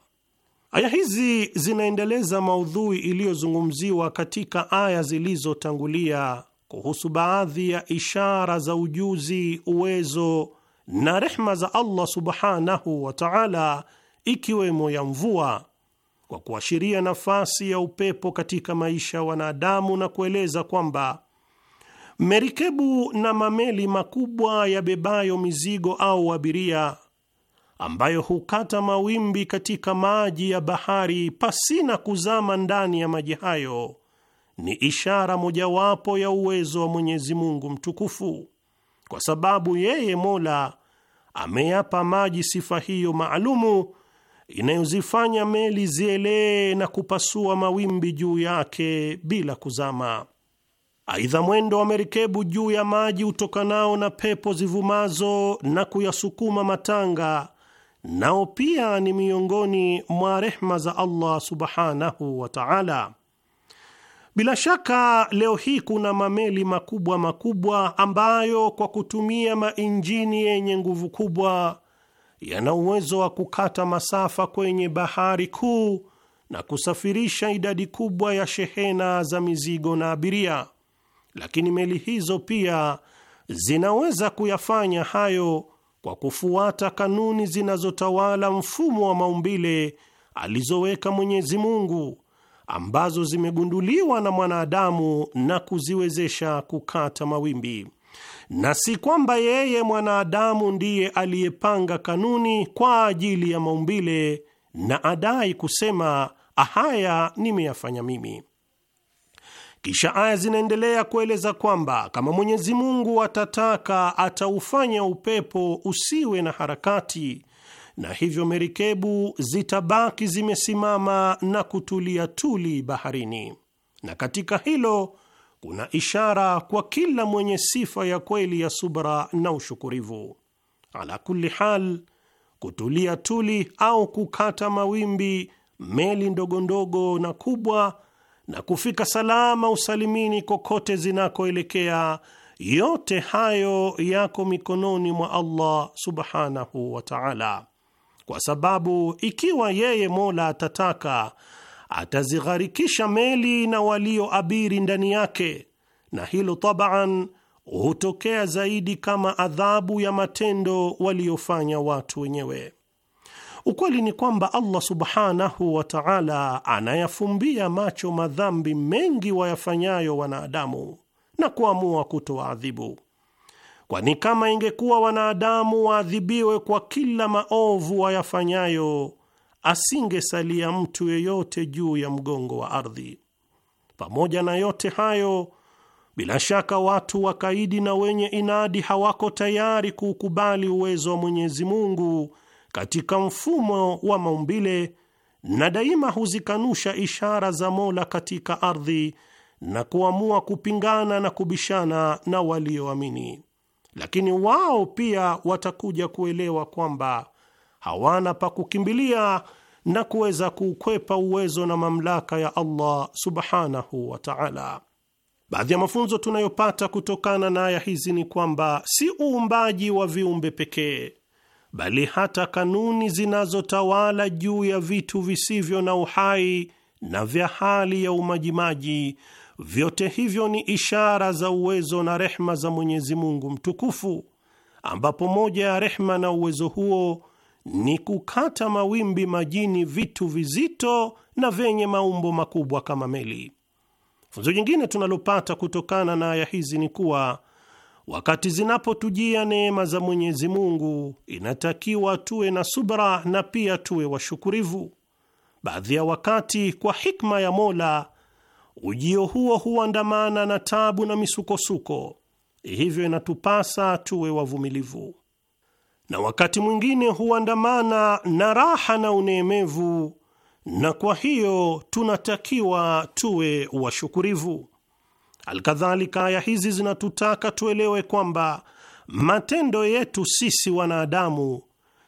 Aya hizi zinaendeleza maudhui iliyozungumziwa katika aya zilizotangulia kuhusu baadhi ya ishara za ujuzi, uwezo na rehma za Allah subhanahu wa ta'ala, ikiwemo ya mvua, kwa kuashiria nafasi ya upepo katika maisha ya wanadamu na kueleza kwamba merikebu na mameli makubwa yabebayo mizigo au abiria ambayo hukata mawimbi katika maji ya bahari pasina kuzama ndani ya maji hayo ni ishara mojawapo ya uwezo wa Mwenyezi Mungu mtukufu, kwa sababu yeye Mola ameyapa maji sifa hiyo maalumu inayozifanya meli zielee na kupasua mawimbi juu yake bila kuzama. Aidha, mwendo wa merikebu juu ya maji utokanao na pepo zivumazo na kuyasukuma matanga nao pia ni miongoni mwa rehma za Allah subhanahu wa ta'ala. Bila shaka leo hii kuna mameli makubwa makubwa ambayo kwa kutumia mainjini yenye nguvu kubwa yana uwezo wa kukata masafa kwenye bahari kuu na kusafirisha idadi kubwa ya shehena za mizigo na abiria lakini meli hizo pia zinaweza kuyafanya hayo kwa kufuata kanuni zinazotawala mfumo wa maumbile alizoweka Mwenyezi Mungu ambazo zimegunduliwa na mwanadamu na kuziwezesha kukata mawimbi, na si kwamba yeye mwanadamu ndiye aliyepanga kanuni kwa ajili ya maumbile na adai kusema haya nimeyafanya mimi. Kisha aya zinaendelea kueleza kwamba kama Mwenyezi Mungu atataka ataufanya upepo usiwe na harakati, na hivyo merikebu zitabaki zimesimama na kutulia tuli baharini. Na katika hilo kuna ishara kwa kila mwenye sifa ya kweli ya subra na ushukurivu. Ala kulli hal, kutulia tuli au kukata mawimbi meli ndogondogo na kubwa na kufika salama usalimini kokote zinakoelekea. Yote hayo yako mikononi mwa Allah subhanahu wa ta'ala, kwa sababu ikiwa yeye Mola atataka atazigharikisha meli na walioabiri ndani yake, na hilo tabaan hutokea zaidi kama adhabu ya matendo waliofanya watu wenyewe. Ukweli ni kwamba Allah subhanahu wa taala anayafumbia macho madhambi mengi wayafanyayo wanadamu na kuamua kutowaadhibu, kwani kama ingekuwa wanadamu waadhibiwe kwa kila maovu wayafanyayo, asingesalia mtu yeyote juu ya mgongo wa ardhi. Pamoja na yote hayo, bila shaka watu wakaidi na wenye inadi hawako tayari kuukubali uwezo wa Mwenyezi Mungu katika mfumo wa maumbile na daima huzikanusha ishara za Mola katika ardhi na kuamua kupingana na kubishana na walioamini, lakini wao pia watakuja kuelewa kwamba hawana pa kukimbilia na kuweza kukwepa uwezo na mamlaka ya Allah subhanahu wa ta'ala. Baadhi ya mafunzo tunayopata kutokana na aya hizi ni kwamba si uumbaji wa viumbe pekee bali hata kanuni zinazotawala juu ya vitu visivyo na uhai na vya hali ya umajimaji, vyote hivyo ni ishara za uwezo na rehma za Mwenyezi Mungu mtukufu, ambapo moja ya rehma na uwezo huo ni kukata mawimbi majini vitu vizito na vyenye maumbo makubwa kama meli. Funzo jingine tunalopata kutokana na aya hizi ni kuwa Wakati zinapotujia neema za Mwenyezi Mungu, inatakiwa tuwe na subra na pia tuwe washukurivu. Baadhi ya wakati, kwa hikma ya Mola, ujio huo huandamana na tabu na misukosuko, hivyo inatupasa tuwe wavumilivu, na wakati mwingine huandamana na raha na uneemevu, na kwa hiyo tunatakiwa tuwe washukurivu. Alkadhalika, aya hizi zinatutaka tuelewe kwamba matendo yetu sisi wanadamu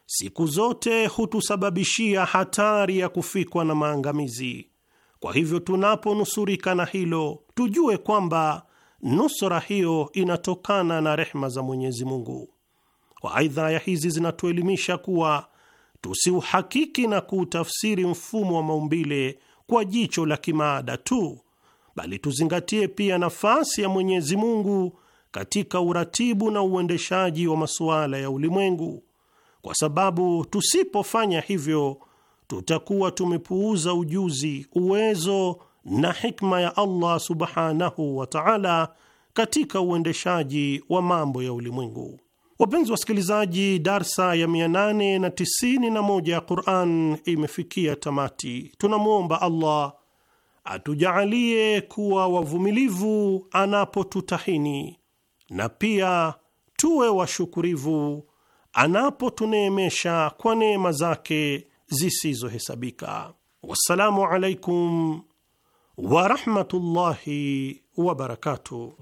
siku zote hutusababishia hatari ya kufikwa na maangamizi. Kwa hivyo tunaponusurika na hilo, tujue kwamba nusura hiyo inatokana na rehma za Mwenyezi Mungu. aidha aya hizi zinatuelimisha kuwa tusiuhakiki na kuutafsiri mfumo wa maumbile kwa jicho la kimaada tu, bali tuzingatie pia nafasi ya Mwenyezi Mungu katika uratibu na uendeshaji wa masuala ya ulimwengu, kwa sababu tusipofanya hivyo tutakuwa tumepuuza ujuzi, uwezo na hikma ya Allah subhanahu wa ta'ala katika uendeshaji wa mambo ya ulimwengu. Wapenzi wasikilizaji, darsa ya 891 ya Qur'an imefikia tamati. Tunamwomba Allah atujaalie kuwa wavumilivu anapotutahini na pia tuwe washukurivu anapotuneemesha kwa neema zake zisizohesabika. Wassalamu alaikum warahmatullahi wabarakatuh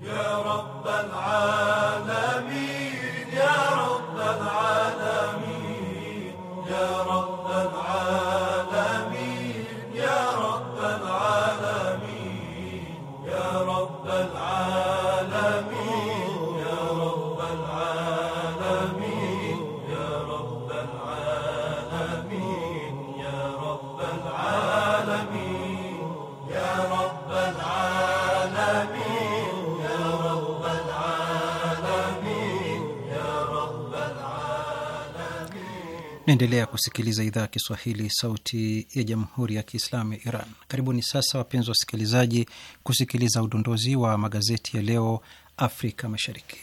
Naendelea kusikiliza idhaa ya Kiswahili, sauti ya jamhuri ya kiislamu ya Iran. Karibuni sasa, wapenzi wasikilizaji, kusikiliza udondozi wa magazeti ya leo Afrika Mashariki.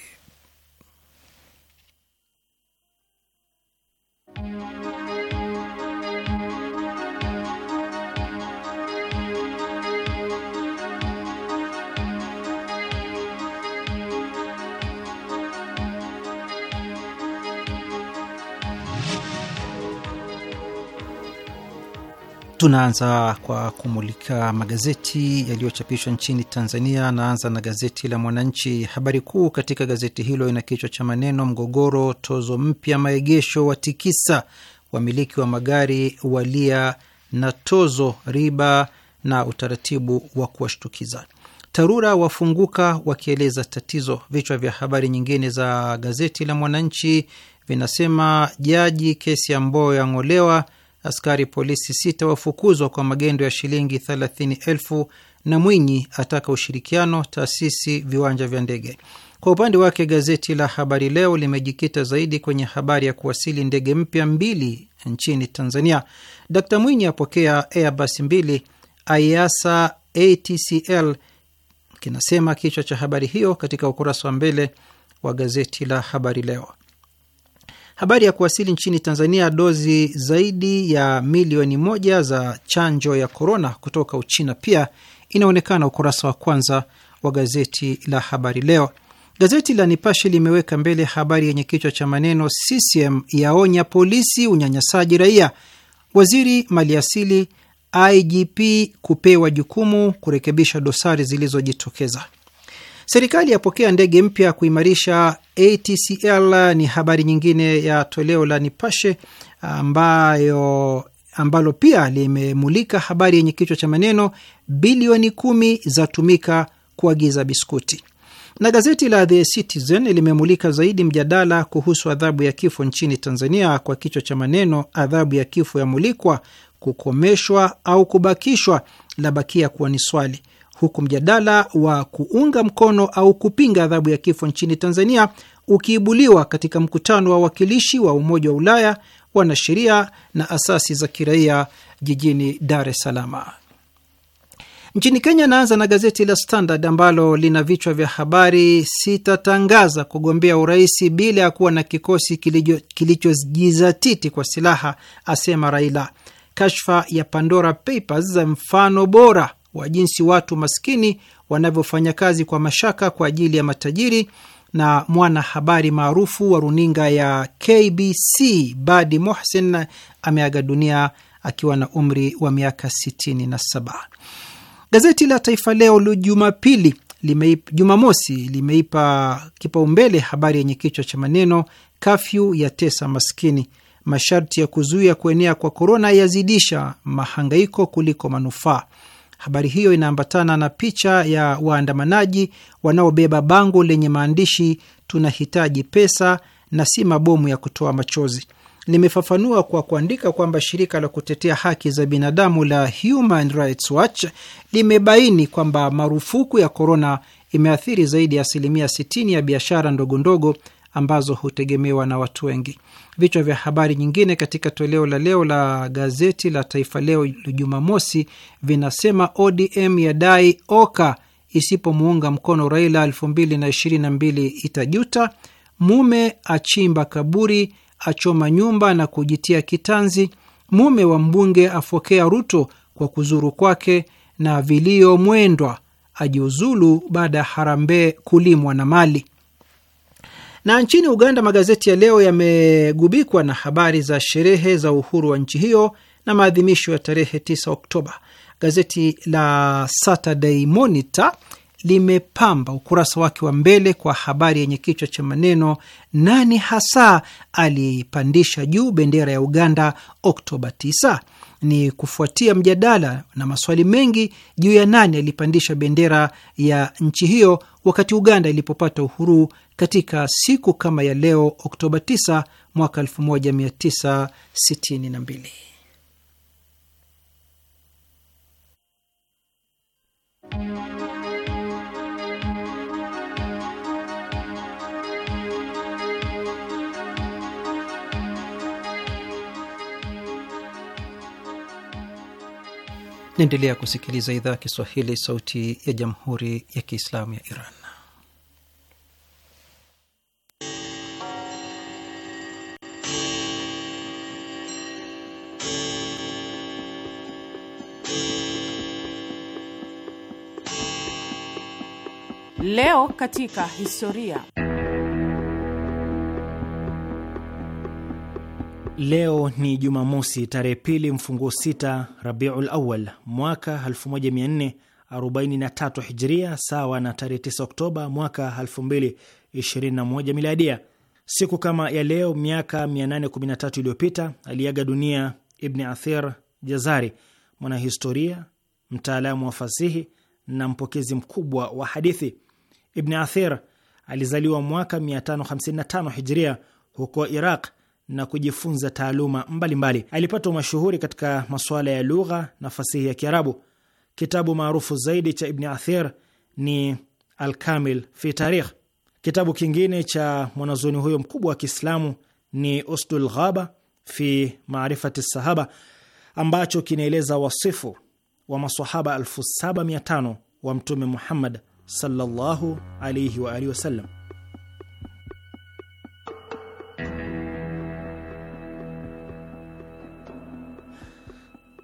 Tunaanza kwa kumulika magazeti yaliyochapishwa nchini Tanzania. Naanza na gazeti la Mwananchi. Habari kuu katika gazeti hilo ina kichwa cha maneno, mgogoro tozo mpya maegesho watikisa, wamiliki wa magari walia na tozo, riba na utaratibu wa kuwashtukiza. TARURA wafunguka wakieleza tatizo. Vichwa vya habari nyingine za gazeti la Mwananchi vinasema, jaji kesi ya Mbowe yang'olewa askari polisi sita wafukuzwa kwa magendo ya shilingi elfu na Mwinyi ataka ushirikiano taasisi viwanja vya ndege. Kwa upande wake gazeti la Habari Leo limejikita zaidi kwenye habari ya kuwasili ndege mpya mbili nchini Tanzania. Dkt Mwinyi apokea Airbus mbili, aiasa ATCL kinasema kichwa cha habari hiyo katika ukurasa wa mbele wa gazeti la Habari Leo. Habari ya kuwasili nchini Tanzania dozi zaidi ya milioni moja za chanjo ya korona kutoka Uchina pia inaonekana ukurasa wa kwanza wa gazeti la Habari Leo. Gazeti la Nipashe limeweka mbele habari yenye kichwa cha maneno CCM yaonya polisi unyanyasaji raia, waziri maliasili, IGP kupewa jukumu kurekebisha dosari zilizojitokeza. Serikali yapokea ndege mpya kuimarisha ATCL, ni habari nyingine ya toleo la Nipashe ambayo ambalo pia limemulika habari yenye kichwa cha maneno bilioni kumi za tumika kuagiza biskuti, na gazeti la The Citizen limemulika zaidi mjadala kuhusu adhabu ya kifo nchini Tanzania kwa kichwa cha maneno adhabu ya kifo yamulikwa, kukomeshwa au kubakishwa, la bakia kuwa ni swali huku mjadala wa kuunga mkono au kupinga adhabu ya kifo nchini Tanzania ukiibuliwa katika mkutano wa wawakilishi wa Umoja wa Ulaya, wanasheria na asasi za kiraia jijini Dar es Salaam. Nchini Kenya, naanza na gazeti la Standard ambalo lina vichwa vya habari: sitatangaza kugombea urais bila ya kuwa na kikosi kilichojizatiti kwa silaha, asema Raila; kashfa ya Pandora Papers za mfano bora wa jinsi watu maskini wanavyofanya kazi kwa mashaka kwa ajili ya matajiri na mwanahabari maarufu wa runinga ya KBC Badi Mohsen ameaga dunia akiwa na umri wa miaka 67. Gazeti la Taifa Leo Jumapili Jumamosi limeipa kipaumbele habari yenye kichwa cha maneno kafyu ya tesa maskini, masharti ya kuzuia kuenea kwa korona yazidisha mahangaiko kuliko manufaa. Habari hiyo inaambatana na picha ya waandamanaji wanaobeba bango lenye maandishi tunahitaji pesa na si mabomu ya kutoa machozi. Limefafanua kwa kuandika kwamba shirika la kutetea haki za binadamu la Human Rights Watch limebaini kwamba marufuku ya korona imeathiri zaidi ya asilimia 60 ya biashara ndogondogo ambazo hutegemewa na watu wengi. Vichwa vya habari nyingine katika toleo la leo la gazeti la Taifa Leo Jumamosi vinasema ODM yadai Oka isipomuunga mkono Raila 2022 itajuta. Mume achimba kaburi, achoma nyumba na kujitia kitanzi. Mume wa mbunge afokea Ruto kwa kuzuru kwake, na vilio Mwendwa ajiuzulu baada ya harambee kulimwa na mali. Na nchini Uganda, magazeti ya leo yamegubikwa na habari za sherehe za uhuru wa nchi hiyo na maadhimisho ya tarehe 9 Oktoba. Gazeti la Saturday Monitor limepamba ukurasa wake wa mbele kwa habari yenye kichwa cha maneno, nani hasa alipandisha juu bendera ya Uganda Oktoba 9? Ni kufuatia mjadala na maswali mengi juu ya nani alipandisha bendera ya nchi hiyo wakati Uganda ilipopata uhuru katika siku kama ya leo Oktoba 9 mwaka 1962. Naendelea kusikiliza idhaa ya Kiswahili, sauti ya jamhuri ya kiislamu ya Iran. Leo katika historia. Leo ni Jumamosi tarehe pili mfunguo sita Rabiul Awal mwaka 1443 Hijria, sawa na tarehe 9 Oktoba mwaka 2021 Miladia. Siku kama ya leo miaka 813 iliyopita aliaga dunia Ibni Athir Jazari, mwanahistoria, mtaalamu wa fasihi na mpokezi mkubwa wa hadithi. Ibn Athir alizaliwa mwaka 555 Hijria huko Iraq na kujifunza taaluma mbalimbali. Alipata umashuhuri katika masuala ya lugha na fasihi ya Kiarabu. Kitabu maarufu zaidi cha ibni Athir ni Alkamil fi Tarikh. Kitabu kingine cha mwanazuoni huyo mkubwa wa Kiislamu ni Usdul Ghaba fi Marifati Sahaba, ambacho kinaeleza wasifu wa masahaba 7500 wa Mtume Muhammad sallallahu alayhi wa alihi wasallam.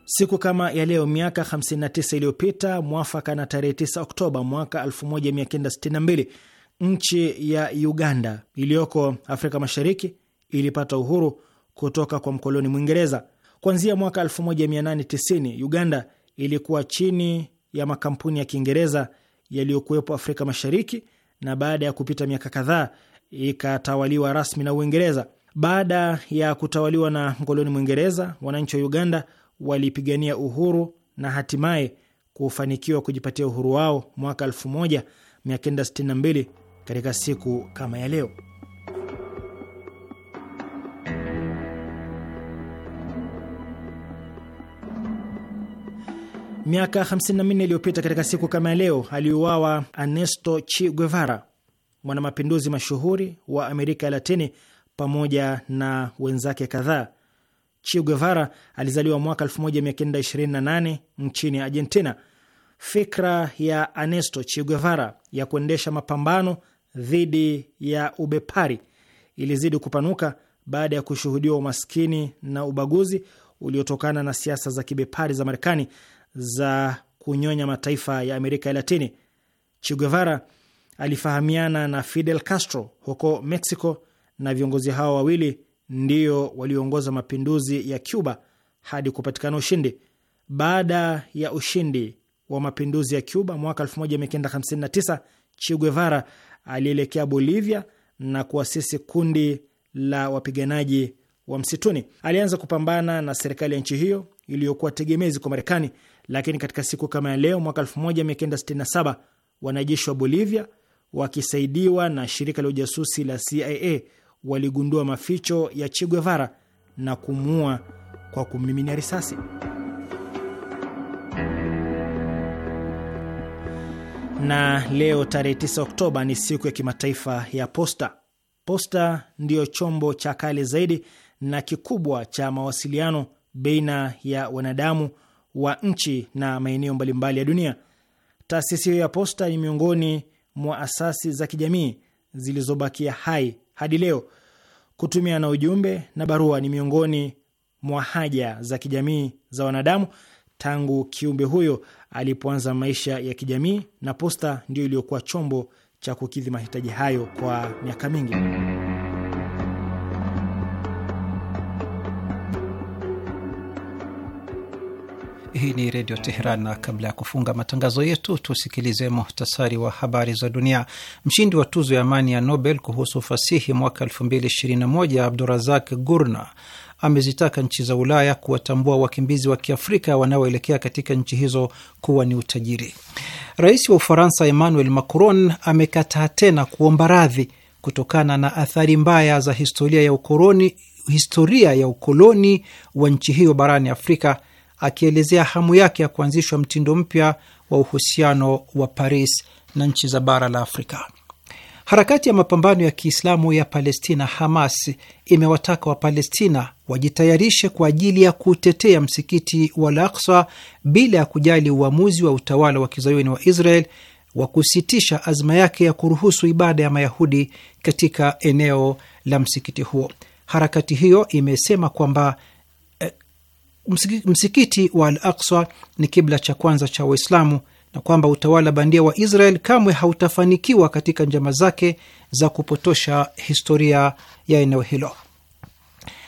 Siku kama ya leo miaka 59 iliyopita mwafaka na tarehe 9 Oktoba mwaka 1962 nchi ya Uganda iliyoko Afrika Mashariki ilipata uhuru kutoka kwa mkoloni Mwingereza. Kuanzia mwaka 1890 Uganda ilikuwa chini ya makampuni ya Kiingereza yaliyokuwepo Afrika Mashariki, na baada ya kupita miaka kadhaa ikatawaliwa rasmi na Uingereza. Baada ya kutawaliwa na mkoloni Mwingereza, wananchi wa Uganda walipigania uhuru na hatimaye kufanikiwa kujipatia uhuru wao mwaka 1962 katika siku kama ya leo. Miaka 54 iliyopita katika siku kama leo aliuawa Ernesto Che Guevara, mwanamapinduzi mashuhuri wa Amerika ya Latini, pamoja na wenzake kadhaa. Che Guevara alizaliwa mwaka 1928 nchini Argentina. Fikra ya Ernesto Che Guevara ya kuendesha mapambano dhidi ya ubepari ilizidi kupanuka baada ya kushuhudiwa umaskini na ubaguzi uliotokana na siasa za kibepari za Marekani za kunyonya mataifa ya Amerika ya Latini. Che Guevara alifahamiana na Fidel Castro huko Mexico, na viongozi hao wawili ndio walioongoza mapinduzi ya Cuba hadi kupatikana ushindi. Baada ya ushindi wa mapinduzi ya Cuba mwaka 1959, Che Guevara alielekea Bolivia na kuasisi kundi la wapiganaji wa msituni. Alianza kupambana na serikali ya nchi hiyo iliyokuwa tegemezi kwa Marekani lakini katika siku kama ya leo mwaka 1967 wanajeshi wa Bolivia wakisaidiwa na shirika la ujasusi la CIA waligundua maficho ya Che Guevara na kumuua kwa kumiminia risasi. Na leo tarehe 9 Oktoba ni siku ya kimataifa ya posta. Posta ndiyo chombo cha kale zaidi na kikubwa cha mawasiliano baina ya wanadamu wa nchi na maeneo mbalimbali ya dunia. Taasisi hiyo ya posta ni miongoni mwa asasi za kijamii zilizobakia hai hadi leo. Kutumia na ujumbe na barua ni miongoni mwa haja za kijamii za wanadamu tangu kiumbe huyo alipoanza maisha ya kijamii, na posta ndio iliyokuwa chombo cha kukidhi mahitaji hayo kwa miaka mingi. Hii ni Redio Teheran, na kabla ya kufunga matangazo yetu tusikilize muhtasari wa habari za dunia. Mshindi wa tuzo ya amani ya Nobel kuhusu fasihi mwaka 2021 Abdurazak Gurna amezitaka nchi za Ulaya kuwatambua wakimbizi wa kiafrika wanaoelekea katika nchi hizo kuwa ni utajiri. Rais wa Ufaransa Emmanuel Macron amekataa tena kuomba radhi kutokana na athari mbaya za historia ya ukoloni, historia ya ukoloni wa nchi hiyo barani Afrika akielezea hamu yake ya kuanzishwa mtindo mpya wa uhusiano wa Paris na nchi za bara la Afrika. Harakati ya mapambano ya Kiislamu ya Palestina, Hamas, imewataka Wapalestina wajitayarishe kwa ajili ya kutetea msikiti wa Al-Aqsa bila ya kujali uamuzi wa utawala wa kizayuni wa Israel wa kusitisha azma yake ya kuruhusu ibada ya Mayahudi katika eneo la msikiti huo. Harakati hiyo imesema kwamba msikiti wa Al Aqsa ni kibla cha kwanza cha Waislamu na kwamba utawala bandia wa Israel kamwe hautafanikiwa katika njama zake za kupotosha historia ya eneo hilo.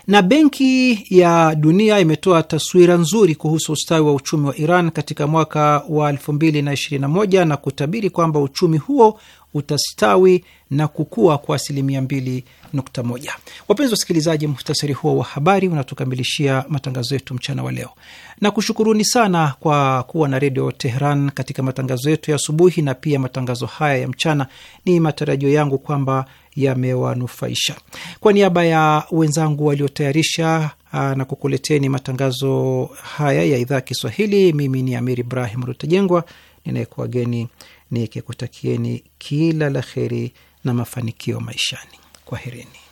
Na Benki ya Dunia imetoa taswira nzuri kuhusu ustawi wa uchumi wa Iran katika mwaka wa 2021 na kutabiri kwamba uchumi huo utastawi na kukua kwa asilimia 2.1. Wapenzi wasikilizaji, muhtasari huo wa habari unatukamilishia matangazo yetu mchana wa leo, na kushukuruni sana kwa kuwa na Redio Teheran katika matangazo yetu ya asubuhi na pia matangazo haya ya mchana. Ni matarajio yangu kwamba yamewanufaisha. Kwa niaba ya wenzangu waliotayarisha uh, na kukuleteni matangazo haya ya idhaa ya Kiswahili, mimi ni Amir Ibrahim Rutajengwa ninayekuwageni nikikutakieni kila la heri na mafanikio maishani. Kwaherini.